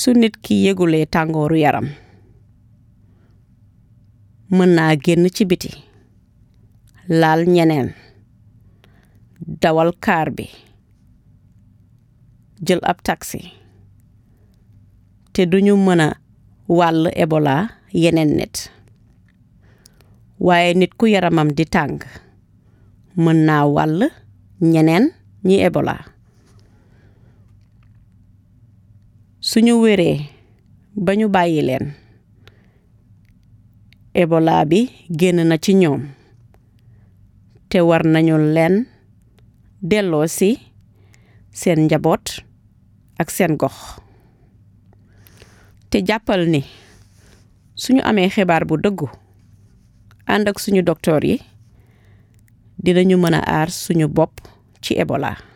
su nit ki yëgulee tàngooru yaram mën naa génn ci biti laal ñeneen dawal kaar bi jël ab taxi te duñu mën a wàll Ebola yeneen nit waaye nit ku yaramam di tàng mën naa wàll ñeneen ñi Ebola suñu wéree ba ñu bàyyi leen Ebola bi génn na ci ñoom te war nañu leen delloo si seen njaboot ak seen gox te jàppal ni suñu amee xibaar bu dëggu ànd ak suñu docteur yi dinañu mën a aar suñu bopp ci Ebola